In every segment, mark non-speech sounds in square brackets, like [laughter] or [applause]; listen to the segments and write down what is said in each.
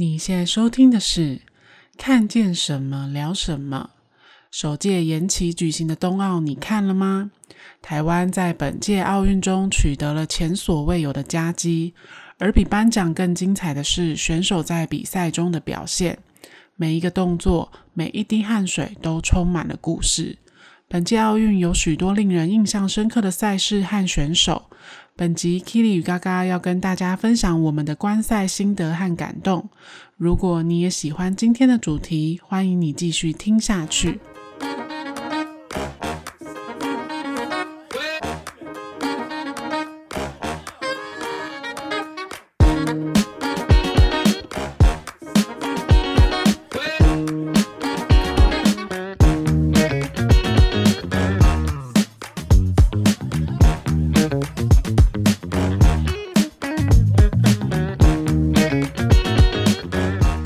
你現在收聽的是《看見什麼聊什麼》。首屆延期舉行的東奧，你看了嗎？台灣在本屆奧運中取得了前所未有的佳績。而比頒獎更精彩的是選手在比賽中的表現，每一個動作、每一滴汗水都充滿了故事。本屆奧運有許多令人印象深刻的賽事和選手。本集 Keely 與嘎嘎要跟大家分享我們的觀賽心得和感動。如果你也喜歡今天的主題，歡迎你繼續聽下去。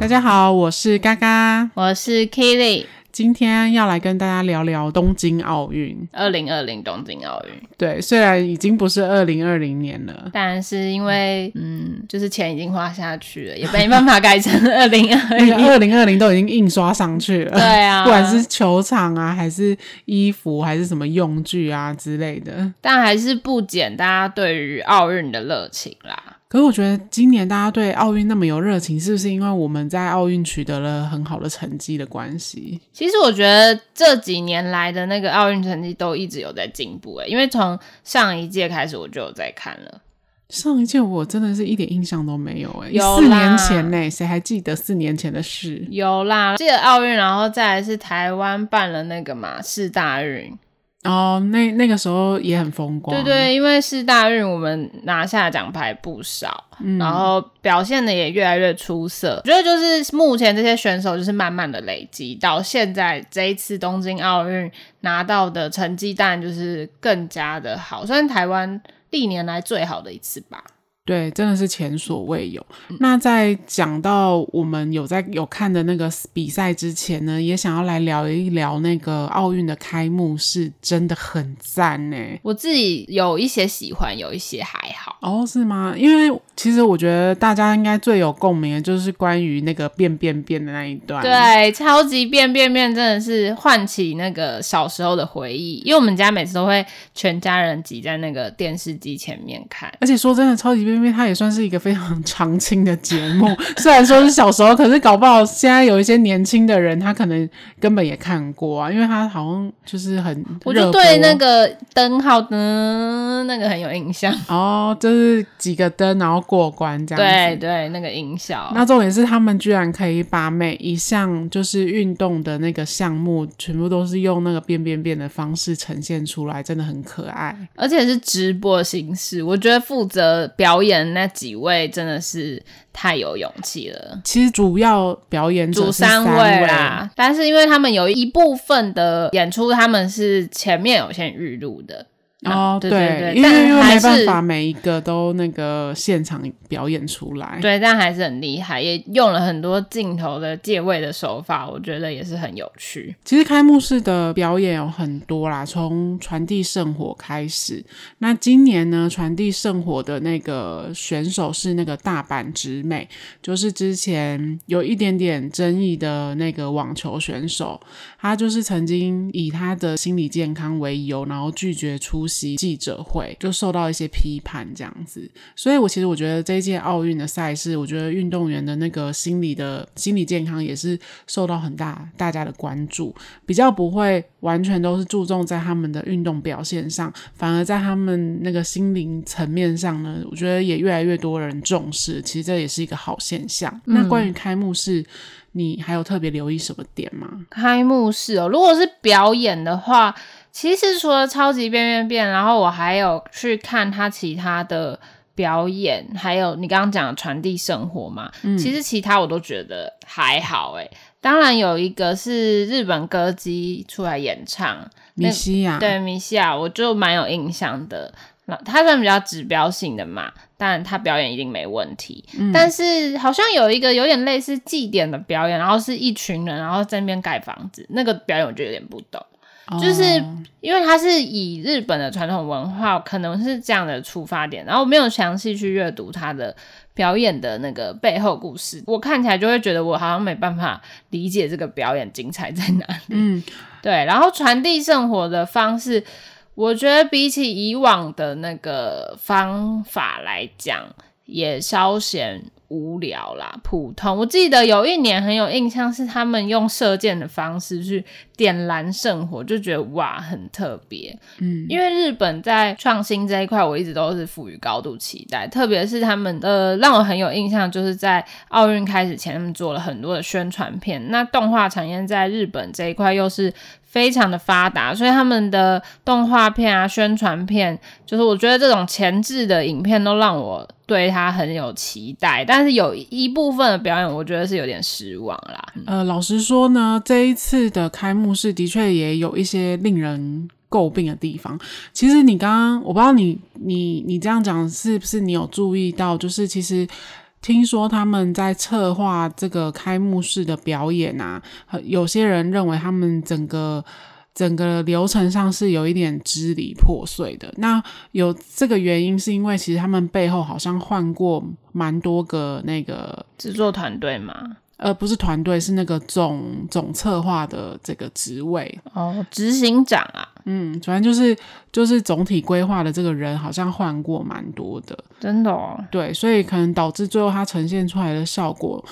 大家好，我是嘎嘎，我是 Keely。今天要來跟大家聊聊東京奧運，二零二零東京奧運。對，雖然已經不是二零二零年了，但是因為嗯，嗯就是錢已經花下去了，也沒辦法改成二零二零，二零二零都已經印刷上去了。 [laughs] 對啊，不管是球場啊，還是衣服，還是什麼用具啊之類的，但還是不減大家對於奧運的熱情啦。可是我覺得今年大家對奧運那麼有熱情，是不是因為我們在奧運取得了很好的成績的關係？其實我覺得這幾年來的那個奧運成績都一直有在進步哎、欸，因為從上一屆開始我就有在看了。上一屆我真的是一點印象都沒有哎、欸，有啦，四年前呢、欸，誰還記得四年前的事？有啦，記得奧運，然後再來是台灣辦了那個嘛，世大運。哦，oh, 那那個時候也很風光，對，對對，因為世大運，我們拿下獎牌不少，嗯，然後表現的也越來越出色。我覺得就是目前這些選手就是慢慢的累積，到現在這一次東京奧運拿到的成績單就是更加的好，算是台灣歷年來最好的一次吧。對，真的是前所未有。那在講到我們有在有看的那個比賽之前呢，也想要來聊一聊那個奧運的開幕，是真的很讚呢、欸。我自己有一些喜歡，有一些還好。哦，是嗎？因為。其實我覺得大家應該最有共鳴的就是關於那個變變變的那一段。對，超級變變變真的是喚起那個小時候的回憶，因為我們家每次都會全家人擠在那個電視機前面看。而且說真的，超級變變變它也算是一個非常常青的節目， [laughs] 雖然說是小時候，可是搞不好現在有一些年輕的人他可能根本也看過啊，因為他好像就是很、哦……我就對那個燈號燈那個很有印象哦，就是幾個燈，然後。過關這樣子，對對，那個音效。那重點是他們居然可以把每一項就是運動的那個項目，全部都是用那個變變變的方式呈現出來，真的很可愛。而且是直播形式，我覺得負責表演那幾位真的是太有勇氣了。其實主要表演組三,三位啦，但是因為他們有一部分的演出，他們是前面有先預錄的。哦，對，對，對，因為因為沒辦法每一個都那個現場表演出來，對，但還是很厲害，也用了很多鏡頭的借位的手法，我覺得也是很有趣。其實開幕式的表演有很多啦，從傳遞聖火開始，那今年呢，傳遞聖火的那個選手是那個大阪直美，就是之前有一點點爭議的那個網球選手，他就是曾經以他的心理健康為由，然後拒絕出。記者會就受到一些批判，這樣子，所以我其實我覺得這一屆奧運的賽事，我覺得運動員的那個心理的心理健康也是受到很大大家的關注，比較不會完全都是注重在他們的運動表現上，反而在他們那個心靈層面上呢，我覺得也越來越多人重視，其實這也是一個好現象。嗯、那關於開幕式，你還有特別留意什麼點嗎？開幕式哦，如果是表演的話，其實除了超級變變變，然後我還有去看他其他的表演，還有你剛剛講的傳遞生活嘛，嗯、其實其他我都覺得還好，欸，哎，當然有一個是日本歌姬出來演唱米西亞，對米西亞，我就蠻有印象的，他算比較指標性的嘛，但他表演一定沒問題，嗯、但是好像有一個有點類似祭典的表演，然後是一群人然後在那邊蓋房子，那個表演我就有點不懂。就是因為它是以日本的傳統文化，可能是這樣的出發點，然後我沒有詳細去閱讀他的表演的那個背後故事，我看起來就會覺得我好像沒辦法理解這個表演精彩在哪裡。嗯，對，然後傳遞聖火的方式，我覺得比起以往的那個方法來講，也稍顯。無聊啦，普通。我記得有一年很有印象，是他們用射箭的方式去點燃聖火，就覺得哇，很特別。嗯，因為日本在創新這一塊，我一直都是賦予高度期待。特別是他們的，呃，讓我很有印象，就是在奧運開始前，他們做了很多的宣傳片。那動畫產業在日本這一塊又是。非常的發達，所以他們的動畫片啊、宣傳片，就是我覺得這種前置的影片都讓我對他很有期待。但是有一部分的表演，我覺得是有點失望啦。呃，老實說呢，這一次的開幕式的確也有一些令人詬病的地方。其實你剛剛，我不知道你你你這樣講是不是你有注意到，就是其實。聽說他們在策劃這個開幕式的表演啊，有些人認為他們整個整個流程上是有一點支離破碎的。那有這個原因是因為其實他們背後好像換過蠻多個那個製作團隊嘛？呃，不是團隊，是那個總總策劃的這個職位哦，執行長啊，嗯，主要就是就是總體規劃的這個人，好像換過蠻多的，真的哦。對，所以可能導致最後他呈現出來的效果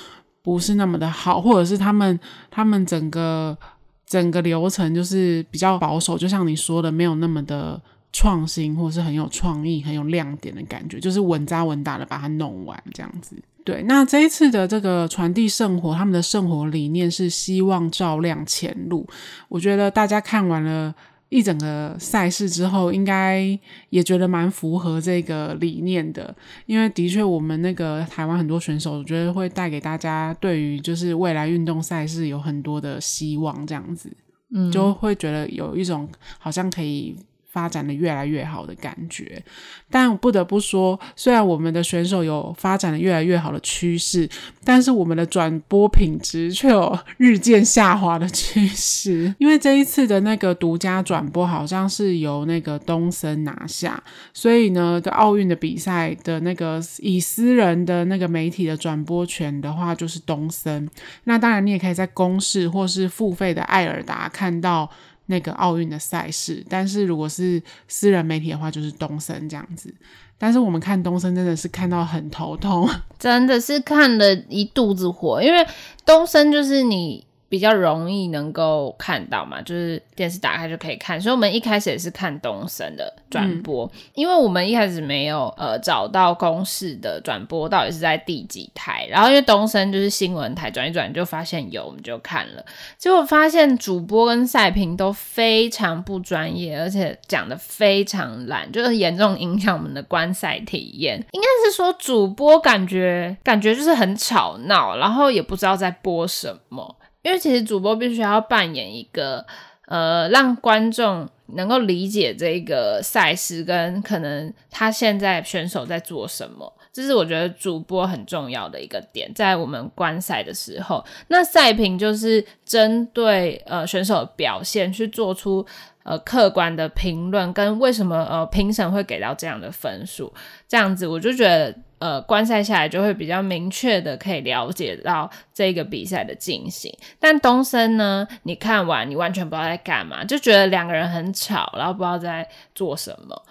不是那麼的好，或者是他們他們整個整個流程就是比較保守，就像你說的，沒有那麼的創新，或者是很有創意、很有亮點的感覺，就是穩扎穩打的把它弄完這樣子。對，那這一次的這個傳遞聖火，他們的聖火理念是希望照亮前路。我覺得大家看完了一整個賽事之後，應該也覺得蠻符合這個理念的，因為的確我們那個台灣很多選手，我覺得會帶給大家對於就是未來運動賽事有很多的希望，這樣子，嗯，就會覺得有一種好像可以發展的越來越好的感覺，但不得不說，雖然我們的選手有發展的越來越好的趨勢，但是我們的轉播品質卻有日漸下滑的趨勢。因為這一次的那個獨家轉播好像是由那個東森拿下，所以呢，奧運的比賽的那個以私人的那個媒體的轉播權的話，就是東森。那當然，你也可以在公視或是付費的愛爾達看到。那個奧運的賽事，但是如果是私人媒體的話，就是東森這樣子。但是我們看東森，真的是看到很頭痛，真的是看了一肚子火，因為東森就是你。比較容易能夠看到嘛，就是電視打開就可以看。所以我們一開始也是看東森的轉播，嗯、因為我們一開始沒有呃找到公視的轉播到底是在第幾台。然後因為東森就是新聞台轉一轉就發現有，我們就看了。結果發現主播跟賽評都非常不專業，而且講的非常爛，就是嚴重影響我們的觀賽體驗。應該是說主播感覺感覺就是很吵鬧，然後也不知道在播什麼。因為其實主播必須要扮演一個呃，讓觀眾能夠理解這個賽事跟可能他現在選手在做什麼，這是我覺得主播很重要的一個點。在我們觀賽的時候，那賽評就是針對呃選手表現去做出呃客觀的評論，跟為什麼呃評審會給到這樣的分數，這樣子我就覺得。呃，觀賽下來就會比較明確的可以了解到這個比賽的進行。但東森呢，你看完你完全不知道在幹嘛，就覺得兩個人很吵，然後不知道在做什麼。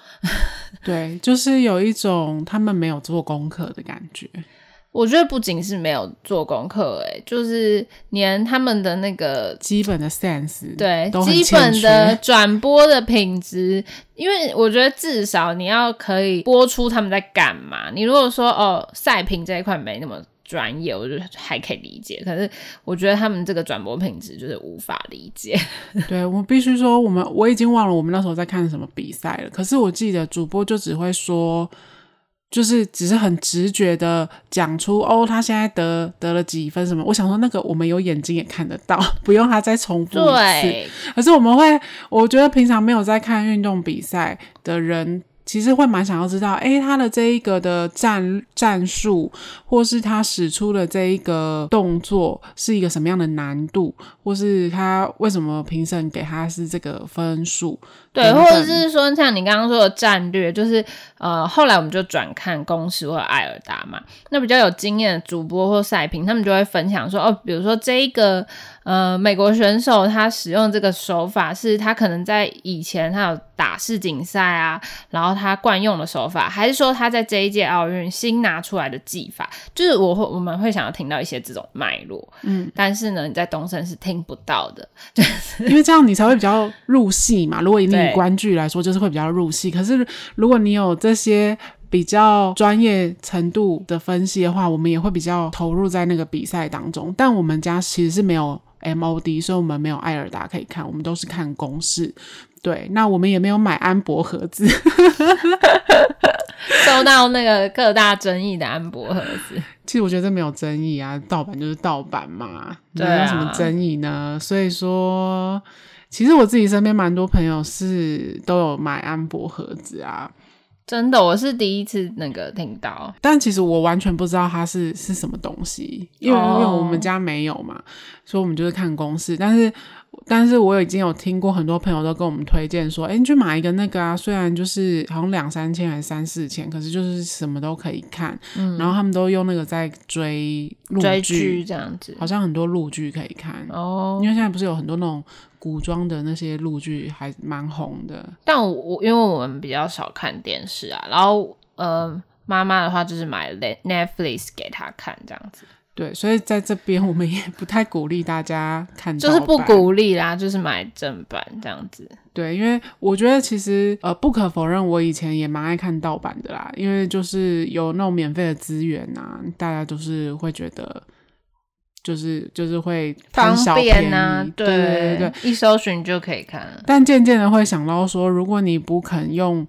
[laughs] 對，就是有一種他們沒有做功課的感覺。我覺得不僅是沒有做功課，哎，就是連他們的那個基本的 sense，對，基本的轉播的品質，因為我覺得至少你要可以播出他們在幹嘛。你如果說哦，賽評這一塊沒那麼專業，我就還可以理解。可是我覺得他們這個轉播品質就是無法理解。對，我必須說，我們我已經忘了我們那時候在看什麼比賽了。可是我記得主播就只會說。就是只是很直覺的講出哦，他現在得得了幾分什麼。我想說，那個我們有眼睛也看得到，不用他再重複一次。對可是我們會，我覺得平常沒有在看運動比賽的人，其實會蠻想要知道，哎、欸，他的這一個的戰戰術，或是他使出的這一個動作是一個什麼樣的難度，或是他為什麼評審給他是這個分數？等等。對，或者是說像你剛剛說的戰略，就是呃，後來我們就轉看公視或愛爾達嘛，那比較有經驗的主播或賽評，他們就會分享說，哦，比如說這一個。呃，美國選手他使用這個手法，是他可能在以前他有打世錦賽啊，然後他慣用的手法，還是說他在這一屆奧運新拿出來的技法？就是我會我們會想要聽到一些這種脈絡，嗯，但是呢，你在東森是聽不到的，就是、因為這樣你才會比較入戲嘛。 [laughs] 如果你以觀劇來說，就是會比較入戲。對可是如果你有這些比較專業程度的分析的話，我們也會比較投入在那個比賽當中。但我們家其實是沒有。MOD，所以我們沒有艾爾達可以看，我們都是看公視。對，那我們也沒有買安博盒子， [laughs] 收到那個各大爭議的安博盒子。其實我覺得這沒有爭議啊，盜版就是盜版嘛，對啊、有什麼爭議呢？所以說，其實我自己身邊蠻多朋友是都有買安博盒子啊。真的，我是第一次那個聽到，但其實我完全不知道它是是什麼東西，因為、oh. 因為我們家沒有嘛，所以我們就是看公視。但是，但是我已經有聽過，很多朋友都跟我們推薦說，哎、欸，你去買一個那個啊，雖然就是好像兩三千還是三四千，可是就是什麼都可以看。嗯、然後他們都用那個在追追劇這樣子，好像很多陸劇可以看哦。Oh. 因為現在不是有很多那種。古裝的那些陸劇還蠻紅的，但我，我因為我們比較少看電視啊，然後呃，媽媽的話就是買 Netflix 給她看這樣子。對，所以在這邊我們也不太鼓勵大家看， [laughs] 就是不鼓勵啦，就是買正版這樣子。對，因為我覺得其實呃，不可否認，我以前也蠻愛看盜版的啦，因為就是有那種免費的資源啊，大家都是會覺得。就是就是會便方便吶、啊，對，對對對，一搜尋就可以看。但漸漸的會想到說，如果你不肯用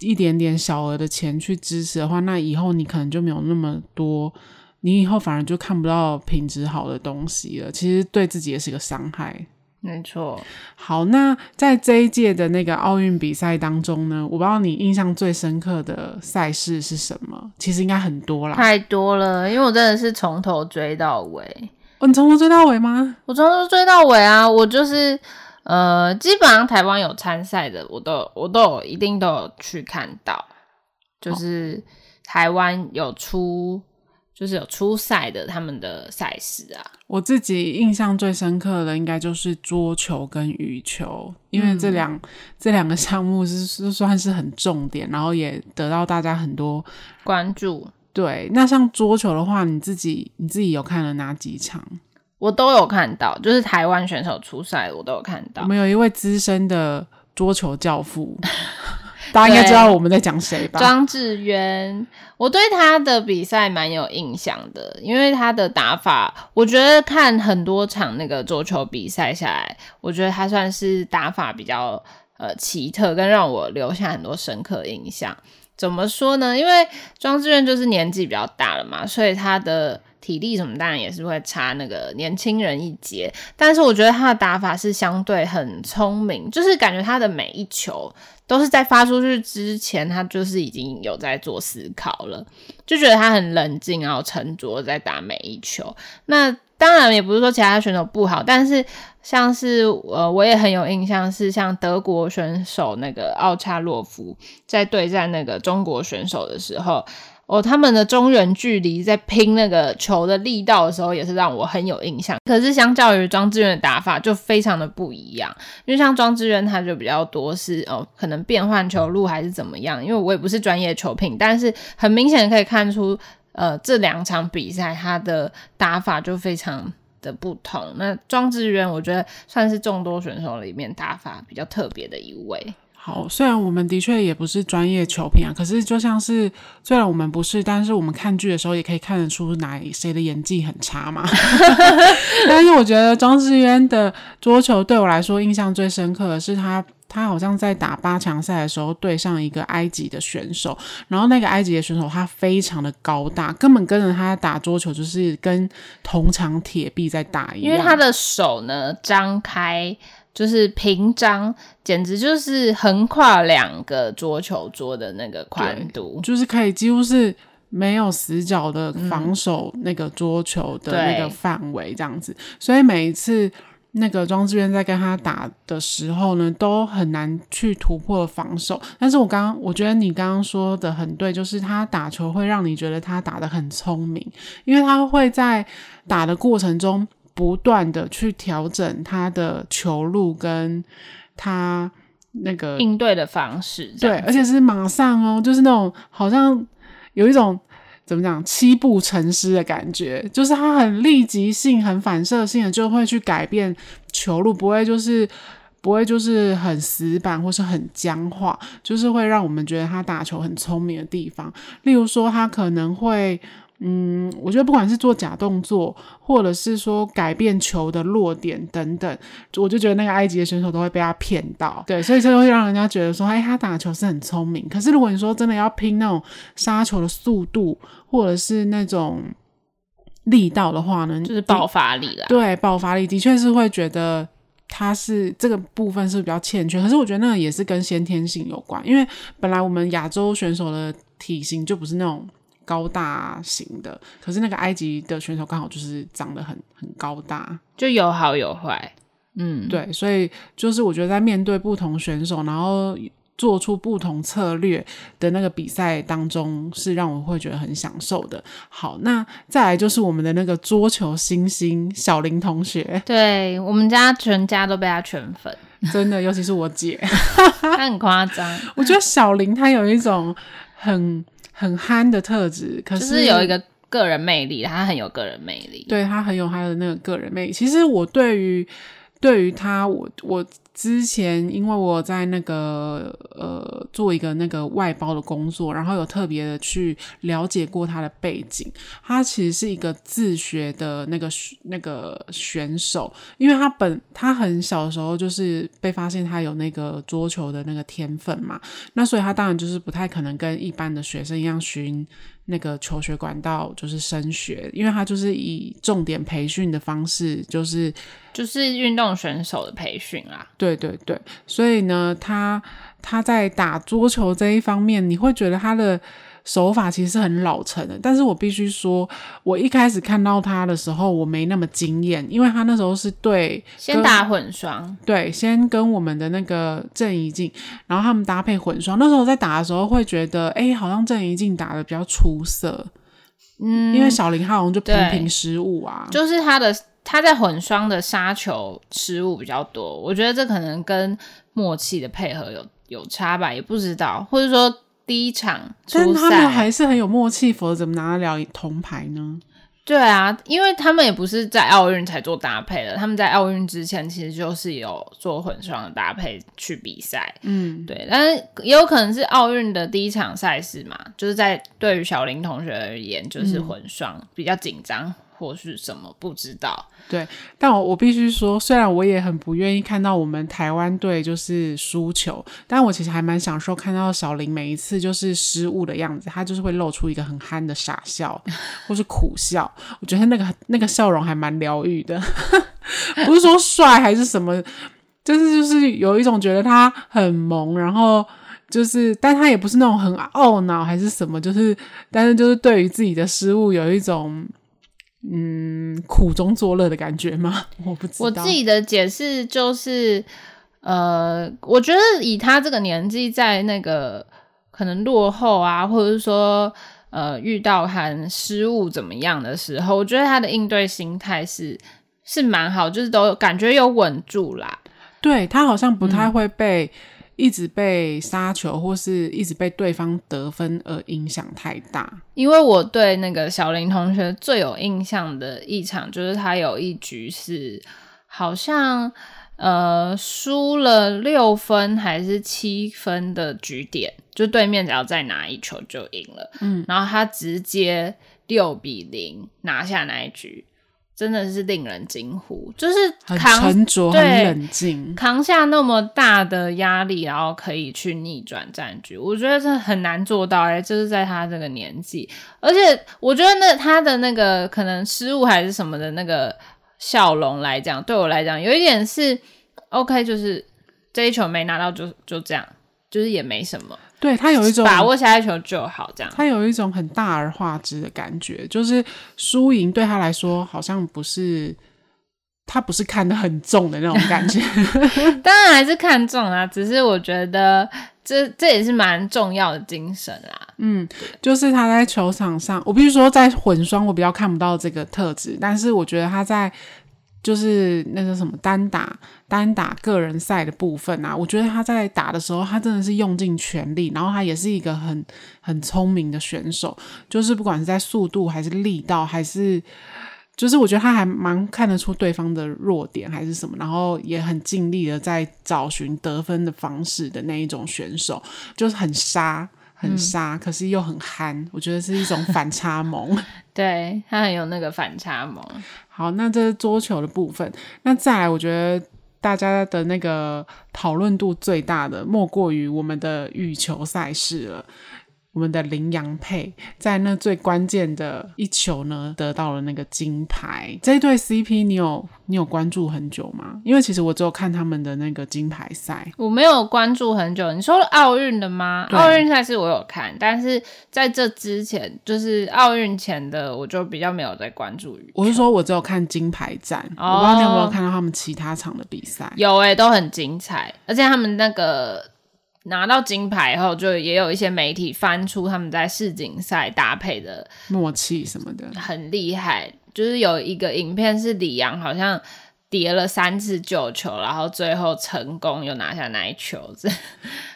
一點點小額的錢去支持的話，那以後你可能就沒有那麼多，你以後反而就看不到品質好的東西了。其實對自己也是個傷害。沒錯，好，那在這一屆的那個奧運比賽當中呢，我不知道你印象最深刻的賽事是什麼？其實應該很多啦，太多了，因為我真的是從頭追到尾。哦，你從頭追到尾嗎？我從頭追到尾啊，我就是呃，基本上台灣有參賽的，我都我都有一定都有去看到，就是，哦，台灣有出。就是有初賽的他們的賽事啊，我自己印象最深刻的應該就是桌球跟羽球，因為這兩、嗯、哼這兩個項目是是算是很重點，然後也得到大家很多關注。對，那像桌球的話，你自己你自己有看了哪幾場？我都有看到，就是台灣選手出賽，我都有看到。我們有一位資深的桌球教父。 [laughs] 大家應該知道我們在講誰吧？莊智淵，我對他的比賽蠻有印象的，因為他的打法，我覺得看很多場那個桌球比賽下來，我覺得他算是打法比較呃奇特，跟讓我留下很多深刻印象。怎麼說呢？因為莊智淵就是年紀比較大了嘛，所以他的體力什麼當然也是會差那個年輕人一截，但是我覺得他的打法是相對很聰明，就是感覺他的每一球。都是在發出去之前，他就是已經有在做思考了，就覺得他很冷靜，然後沉着在打每一球。那當然也不是說其他的選手不好，但是像是呃，我也很有印象是像德國選手那個奧恰洛夫在對戰那個中國選手的時候。哦，他們的中遠距離在拼那個球的力道的時候，也是讓我很有印象。可是，相較於莊智淵的打法，就非常的不一樣。因為像莊智淵，他就比較多是哦，可能變換球路還是怎麼樣。因為我也不是專業球評，但是很明顯可以看出，呃，這兩場比賽他的打法就非常的不同。那莊智淵，我覺得算是眾多選手裡面打法比較特別的一位。好，雖然我們的確也不是專業球評啊，可是就像是，雖然我們不是，但是我們看劇的時候也可以看得出哪誰的演技很差嘛。 [laughs] [laughs] 但是我覺得莊智淵的桌球對我來說印象最深刻的是他。他好像在打八強賽的時候，對上一個埃及的選手，然後那個埃及的選手他非常的高大，根本跟着他打桌球就是跟銅牆鐵壁在打一樣，因為他的手呢張開就是平張，簡直就是橫跨兩個桌球桌的那個寬度，就是可以幾乎是沒有死角的防守那個桌球的那個範圍這樣子，嗯，所以每一次。那個莊智淵在跟他打的時候呢，都很難去突破防守。但是我剛剛，我覺得你剛剛說的很對，就是他打球會讓你覺得他打的很聰明，因為他會在打的過程中不斷的去調整他的球路跟他那個應對的方式。對，而且是馬上哦，就是那種好像有一種。怎麼講？七步成詩的感覺，就是他很立即性、很反射性的就會去改變球路，不會就是不會就是很死板或是很僵化，就是會讓我們覺得他打球很聰明的地方。例如說他可能會。嗯，我覺得不管是做假動作，或者是說改變球的落點等等，我就覺得那個埃及的選手都會被他騙到。對，所以這會讓人家覺得說，哎、欸，他打球是很聰明。可是如果你說真的要拼那種殺球的速度，或者是那種力道的話呢，就是爆發力了、啊。對，爆發力的確是會覺得他是這個部分是比較欠缺。可是我覺得那個也是跟先天性有關，因為本來我們亞洲選手的體型就不是那種。高大型的，可是那個埃及的選手剛好就是長得很很高大，就有好有壞，嗯，對，所以就是我覺得在面對不同選手，然後做出不同策略的那個比賽當中，是讓我會覺得很享受的。好，那再來就是我們的那個桌球新星、星小林同學，對，我們家全家都被他圈粉， [laughs] 真的，尤其是我姐， [laughs] 他很誇張。我覺得小林他有一種很。很憨的特質，可是，就是有一個個人魅力，他很有個人魅力，對，他很有他的那個個人魅力。其實我對於。對於他，我我之前因為我在那個呃做一個那個外包的工作，然後有特別的去了解過他的背景。他其實是一個自學的那個那個選手，因為他本，他很小的時候就是被發現他有那個桌球的那個天分嘛，那所以他當然就是不太可能跟一般的學生一樣學那個求學管道，就是升學，因為他就是以重點培訓的方式，就是就是運動選手的培訓啦、啊。對對對，所以呢，他他在打桌球這一方面，你會覺得他的，手法其實很老成的，但是我必須說，我一開始看到他的時候，我沒那麼驚艷，因為他那時候是對先打混雙，對，先跟我們的那個鄭怡靜，然後他們搭配混雙，那時候在打的時候會覺得，哎、欸，好像鄭怡靜打得比較出色，嗯，嗯，因為小林他好像就頻頻失誤啊，就是他的他在混雙的殺球失誤比較多，我覺得這可能跟默契的配合有有差吧，也不知道，或者說。第一場，但他們還是很有默契，否則怎麼拿得了銅牌呢？對啊，因為他們也不是在奧運才做搭配的，他們在奧運之前其實就是有做混雙搭配去比賽。嗯，對，但是也有可能是奧運的第一場賽事嘛，就是在對於小林同學而言，就是混雙、嗯、比較緊張。或是什麼不知道，對，但我我必須說，雖然我也很不願意看到我們台灣隊就是輸球，但我其實還蠻享受看到小林每一次就是失誤的樣子，他就是會露出一個很憨的傻笑或是苦笑，我覺得那個那個笑容還蠻療癒的， [laughs] 不是說帥還是什麼，就是就是有一種覺得他很萌，然後就是，但他也不是那種很懊惱還是什麼，就是但是就是對於自己的失誤有一種。嗯，苦中作樂的感覺嗎？我不知道。我自己的解釋就是，呃，我覺得以他這個年紀，在那個可能落後啊，或者是說呃遇到很失誤怎麼樣的時候，我覺得他的應對心態是是蠻好，就是都感覺有穩住啦。對他好像不太會被。嗯一直被殺球或是一直被對方得分而影響太大，因為我對那個小林同學最有印象的一場，就是他有一局是好像呃輸了六分還是七分的局點，就對面只要再拿一球就贏了，嗯，然後他直接六比零拿下那一局。真的是令人驚呼，就是扛很沉着，對很冷靜，扛下那麼大的壓力，然後可以去逆轉戰局，我覺得這很難做到哎、欸。就是在他這個年紀，而且我覺得那他的那個可能失誤還是什麼的那個笑容來講，對我來講有一點是 OK，就是這一球沒拿到就就這樣，就是也沒什麼。對，他有一種把握下一球就好這樣，他有一種很大而化之的感覺，就是輸贏對他來說好像不是他不是看得很重的那種感覺。 [laughs] 當然還是看重啊，只是我覺得這這也是蠻重要的精神啊。嗯，對就是他在球場上，我必須說在混雙，我比較看不到這個特質，但是我覺得他在。就是那個什麼單打、單打個人賽的部分啊，我覺得他在打的時候，他真的是用盡全力，然後他也是一個很很聰明的選手，就是不管是在速度還是力道，還是，就是我覺得他還蠻看得出對方的弱點還是什麼，然後也很盡力的在找尋得分的方式的那一種選手，就是很殺。很殺，嗯、可是又很憨，我覺得是一種反差萌。 [laughs] 對，他很有那個反差萌。好，那這是桌球的部分。那再來，我覺得大家的那個討論度最大的，莫過於我們的羽球賽事了。我們的麟洋配在那最關鍵的一球呢，得到了那個金牌。這一對 CP 你有你有關注很久嗎？因為其實我只有看他們的那個金牌賽，我沒有關注很久。你說奧運的嗎？奧運賽是我有看，但是在這之前，就是奧運前的，我就比較沒有在關注。我是說我只有看金牌戰，oh、我不知道你有沒有看到他們其他場的比賽。有誒、欸、都很精彩，而且他們那個。拿到金牌後，就也有一些媒體翻出他們在世錦賽搭配的默契什麼的，很厲害。就是有一個影片是李洋，好像。疊了三次九球，然後最後成功又拿下那一球，這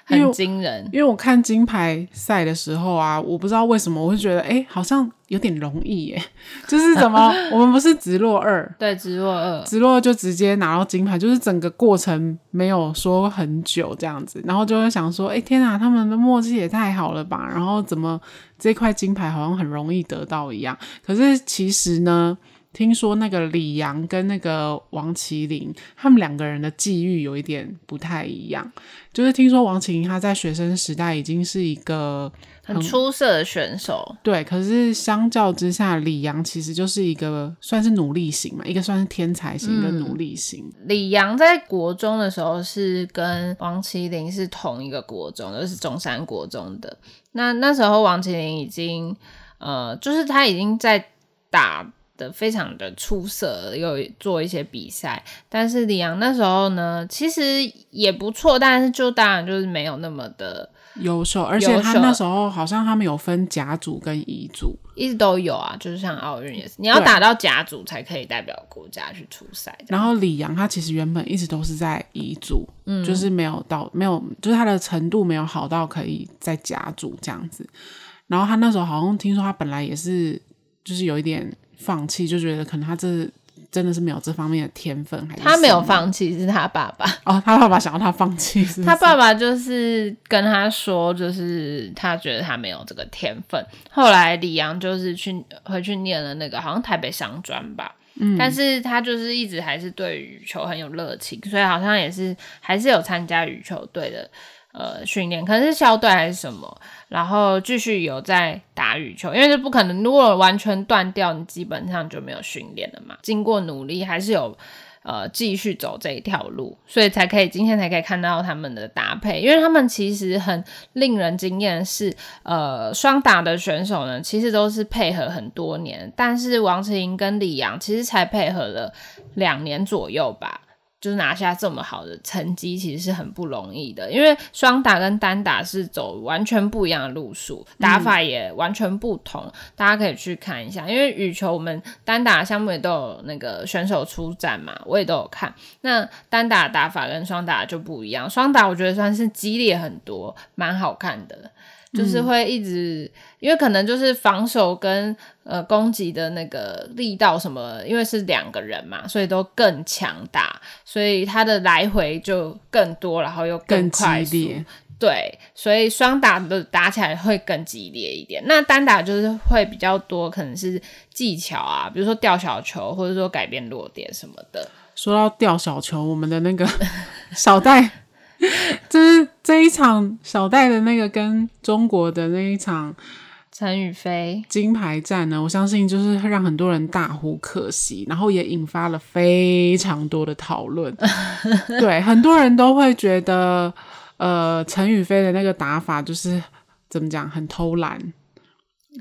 很驚人因。因為我看金牌賽的時候啊，我不知道為什麼我就覺得，哎，好像有點容易耶。就是怎麼， [laughs] 我們不是直落二？對，直落二，直落就直接拿到金牌，就是整個過程沒有說很久這樣子。然後就會想說，哎，天哪，他們的默契也太好了吧？然後怎麼這塊金牌好像很容易得到一樣？可是其實呢？聽說那個李洋跟那個王齊麟，他們兩個人的際遇有一點不太一樣。就是聽說王齊麟他在學生時代已經是一個很，很出色的選手，對。可是相較之下，李洋其實就是一個算是努力型嘛，一個算是天才型的、嗯、一個努力型。李洋在國中的時候是跟王齊麟是同一個國中，就是中山國中的。那那時候王齊麟已經呃，就是他已經在打。的非常的出色，有做一些比賽，但是李洋那時候呢，其實也不錯，但是就當然就是沒有那麼的優秀有，而且他那時候好像他們有分甲組跟乙組，一直都有啊，就是像奧運也是，你要打到甲組才可以代表國家去出賽。對然後李洋他其實原本一直都是在乙組，嗯、就是沒有到沒有，就是他的程度沒有好到可以在甲組這樣子。然後他那時候好像聽說他本來也是，就是有一點。放棄，就覺得可能他這真的是沒有這方面的天分，他沒有放棄是他爸爸哦，他爸爸想要他放棄，他爸爸就是跟他說，就是他覺得他沒有這個天分。後來李洋就是去回去念了那個好像台北商專吧，嗯，但是他就是一直還是對羽球很有熱情，所以好像也是還是有參加羽球隊的。呃，訓練可能是校隊還是什麼，然後繼續有在打羽球，因為這不可能，如果完全斷掉，你基本上就沒有訓練了嘛。經過努力，還是有呃繼續走這一條路，所以才可以今天才可以看到他們的搭配，因為他們其實很令人驚豔是。是呃，雙打的選手呢，其實都是配合很多年，但是王齊麟跟李洋其實才配合了兩年左右吧。就拿下這麼好的成績，其實是很不容易的。因為雙打跟單打是走完全不一樣的路數，打法也完全不同。嗯、大家可以去看一下，因為羽球我們單打項目也都有那個選手出戰嘛，我也都有看。那單打的打法跟雙打的就不一樣，雙打我覺得算是激烈很多，蠻好看的。就是會一直，因為可能就是防守跟呃攻擊的那個力道什麼，因為是兩個人嘛，所以都更強大，所以它的來回就更多，然後又更快速，更激烈，對，所以雙打的打起來會更激烈一點。那單打就是會比較多，可能是技巧啊，比如說吊小球，或者說改變落點什麼的。說到吊小球，我們的那個小戴。 [laughs] [laughs] 就是這一場小戴的那個跟中國的那一場陳雨菲金牌戰呢，我相信就是會讓很多人大呼可惜，然後也引發了非常多的討論。 [laughs] 對，很多人都會覺得，呃，陳雨菲的那個打法就是怎麼講，很偷懶。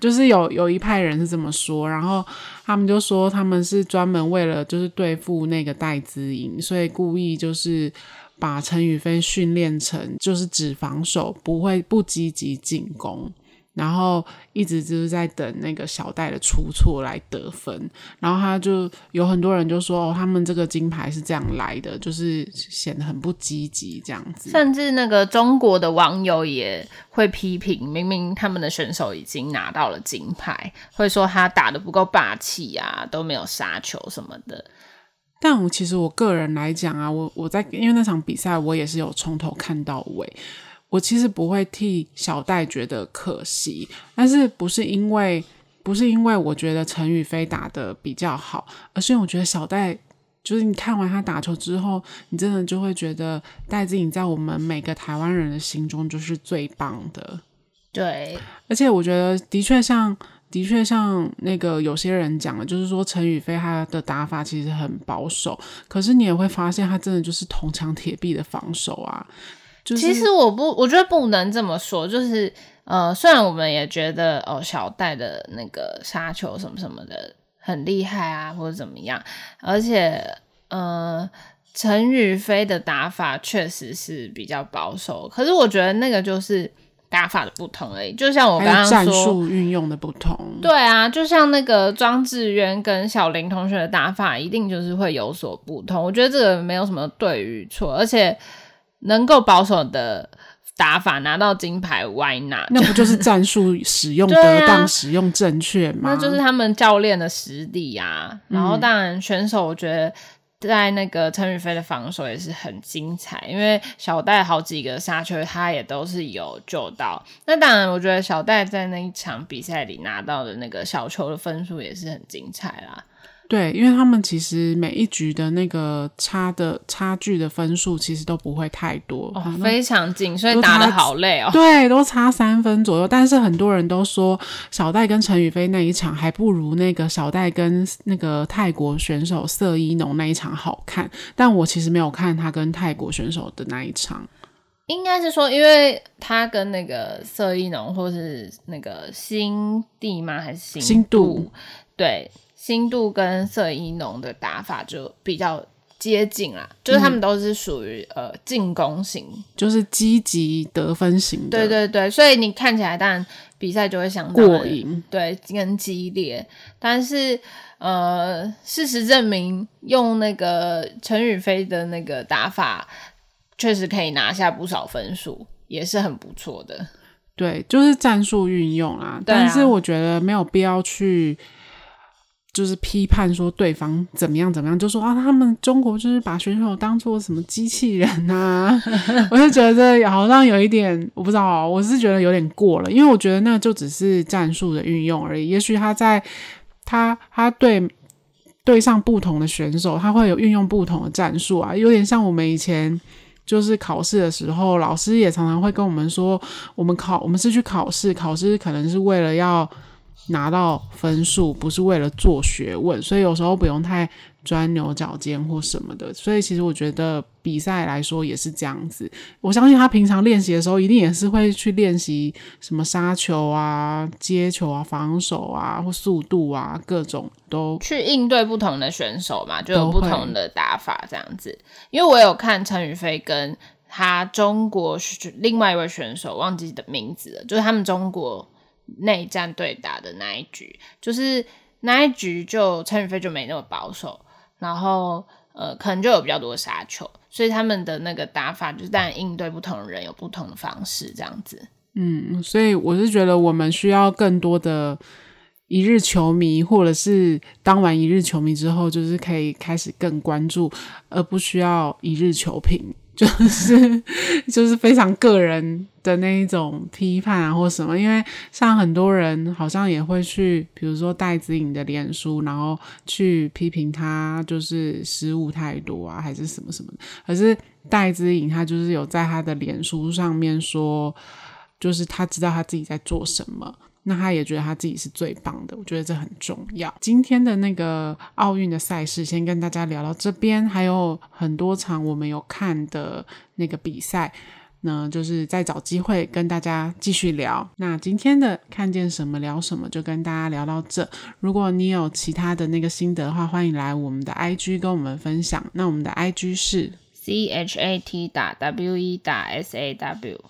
就是有有一派人是這麼說，然後他們就說他們是專門為了就是對付那個戴資穎，所以故意就是。把陳雨菲訓練成就是只防守，不會不積極進攻，然後一直就是在等那個小戴的出錯來得分，然後他就有很多人就說，哦，他們這個金牌是這樣來的，就是顯得很不積極這樣子。甚至那個中國的網友也會批評，明明他們的選手已經拿到了金牌，會說他打得不夠霸氣啊，都沒有殺球什麼的。但其實我個人來講啊，我我在因為那場比賽，我也是有從頭看到尾。我其實不會替小戴覺得可惜，但是不是因為不是因為我覺得陳雨菲打得比較好，而是因為我覺得小戴就是你看完他打球之後，你真的就會覺得戴資穎在我們每個台灣人的心中就是最棒的。對，而且我覺得的確像。的確，像那個有些人講的，就是說陳雨菲他的打法其實很保守，可是你也會發現他真的就是銅牆鐵壁的防守啊。就是、其實我不，我覺得不能這麼說，就是呃，雖然我們也覺得哦，小戴的那個殺球什麼什麼的很厲害啊，或者怎麼樣，而且呃，陳雨菲的打法確實是比較保守，可是我覺得那個就是。打法的不同而已，就像我剛剛說，戰術運用的不同。對啊，就像那個莊智淵跟小林同學的打法，一定就是會有所不同。我覺得這個沒有什麼對與錯，而且能夠保守的打法拿到金牌，why not? [laughs] 那不就是戰術使用得當、啊、使用正確嗎？那就是他們教練的實力呀、啊。嗯、然後，當然選手，我覺得。在那個陳雨菲的防守也是很精彩，因為小戴好幾個殺球，他也都是有救到。那當然，我覺得小戴在那一場比賽裡拿到的那個小球的分數也是很精彩啦。對，因為他們其實每一局的那個差的差距的分數其實都不會太多，哦、非常近，所以打得好累哦。對，都差三分左右。但是很多人都說，小戴跟陳雨菲那一場還不如那個小戴跟那個泰國選手色一農那一場好看。但我其實沒有看他跟泰國選手的那一場。應該是說，因為他跟那個色一農，或是那個新帝嗎？還是新度新度？對。新度跟色一濃的打法就比較接近啦，嗯、就是他們都是屬於呃進攻型，就是積極得分型。對對對，所以你看起來，當然比賽就會相當過癮，對，更激烈。但是呃，事實證明，用那個陳雨菲的那個打法，確實可以拿下不少分數，也是很不錯的。對，就是戰術運用啊，但是我覺得沒有必要去。就是批判說對方怎麼樣怎麼樣，就說啊，他們中國就是把選手當做什麼機器人吶、啊？我就覺得好像有一點，我不知道，我是覺得有點過了，因為我覺得那就只是戰術的運用而已。也許他在他他對他對上不同的選手，他會有運用不同的戰術啊，有點像我們以前就是考試的時候，老師也常常會跟我們說，我們考我們是去考試，考試可能是為了要。拿到分數不是為了做學問，所以有時候不用太鑽牛角尖或什麼的。所以其實我覺得比賽來說也是這樣子。我相信他平常練習的時候，一定也是會去練習什麼殺球啊、接球啊、防守啊或速度啊，各種都去應對不同的選手嘛，就有不同的打法這樣子。都會 因為我有看陳雨菲跟他中國另外一位選手忘記的名字了，就是他們中國。內戰對打的那一局，就是那一局就陳宇飛就沒那麼保守，然後呃，可能就有比較多殺球，所以他們的那個打法就是，但應對不同的人有不同的方式，這樣子。嗯，所以我是覺得我們需要更多的一日球迷，或者是當完一日球迷之後，就是可以開始更關注，而不需要一日球評。就是就是非常個人的那一種批判啊，或什麼，因為像很多人好像也會去，比如說戴姿穎的臉書，然後去批評他，就是失誤太多啊，還是什麼什麼的。可是戴姿穎她就是有在她的臉書上面說，就是她知道她自己在做什麼。那他也覺得他自己是最棒的，我覺得這很重要。今天的那個奧運的賽事，先跟大家聊到這邊，還有很多場我們有看的那個比賽，那就是再找機會跟大家繼續聊。那今天的看見什麼聊什麼，就跟大家聊到這。如果你有其他的那個心得的話，歡迎來我們的 IG 跟我們分享。那我們的 IG 是 C H A T W E 打 S A W。E s a w